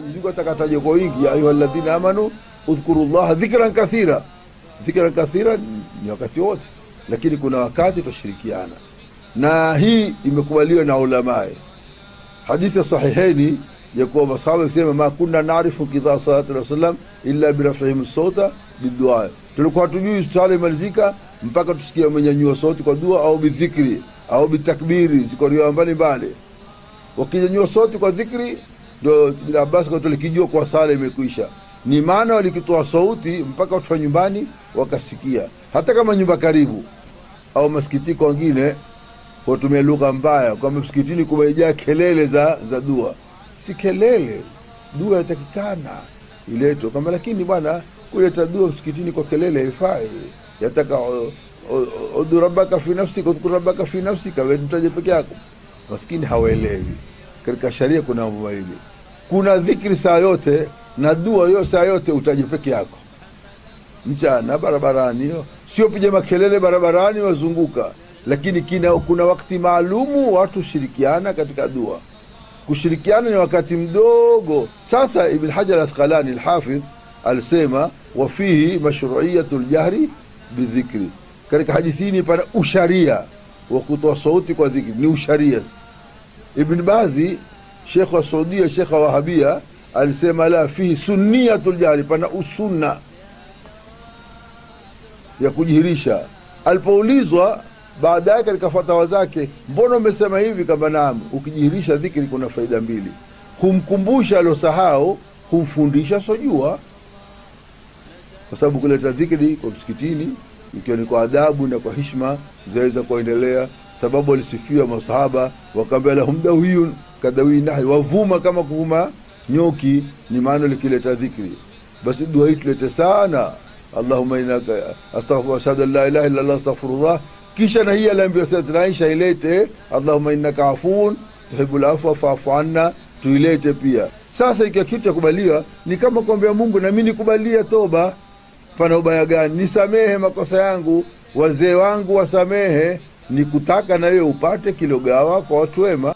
Mwenyezi atakataja kwa wingi, ya ayuha amanu udhkuru llaha dhikran kathira. Dhikran kathira ni wakati wote, lakini kuna wakati twashirikiana na hii imekubaliwa na ulamae. Hadithi ya Sahiheni ya kuwa masahaba akisema ma kunna naarifu kidhaa salatu wa sallam illa birafihim sauta bidua, tulikuwa hatujui swala imalizika mpaka tusikia menyanyua sauti kwa dua au bidhikri au bitakbiri, ziko mbalimbali, wakinyanyua sauti kwa dhikri ndo basi Abbas tulikijua kwa sala imekwisha, ni maana walikitoa sauti mpaka watu wa nyumbani wakasikia, hata kama nyumba karibu au masikitiko wengine watumia lugha mbaya kwamba msikitini kumejaa kelele za, za dua. Si kelele, dua yatakikana iletwe kama, lakini bwana, kuleta dua msikitini kwa kelele haifai, yataka udhu rabbaka fi nafsika udhkur rabbaka fi nafsika, mtaje peke yako. Maskini hawaelewi katika sharia kuna mambo mawili kuna dhikri saa yote na dua hiyo saa yote, utaje peke yako mchana barabarani, hiyo sio piga makelele barabarani wazunguka, lakini kina, kuna wakati maalumu watu shirikiana katika dua. Kushirikiana ni wakati mdogo. Sasa Ibn Hajar askalani lhafidh alisema wafihi mashruiyatu ljahri bidhikri, katika hadithini pana usharia wa kutoa sauti kwa dhikri, ni usharia. Ibn Bazi Shekh wa Saudia, shekh wa Wahabia alisema la fihi sunniyatul jahri, pana usunna ya kujihirisha. Alipoulizwa baadaye katika fatawa zake, mbona umesema hivi? Kamba naam, ukijihirisha dhikri kuna faida mbili, humkumbusha aliosahau, humfundisha sojua, kwa sababu kuleta dhikri kwa msikitini ikiwa ni kwa adabu na kwa hishma zaweza kuendelea, sababu walisifiwa masahaba wakaambia lahum dawiyun kadawi nahi, wavuma kama kuvuma nyoki, ni maana likileta dhikri. Basi dua hii tulete sana, allahuma inaka ashhadu an la ilaha illa Allah astaghfirullah. Kisha na hii aliambiwa ilete, allahuma innaka afun tuhibu afwa faafu anna, tuilete pia. Sasa ikiwa kitu cha kubaliwa ni kama kuambia Mungu, nami nikubalia toba. Pana ubaya gani? Nisamehe makosa yangu, wazee wangu wasamehe, nikutaka na wewe upate kilogawa kwa watu wema.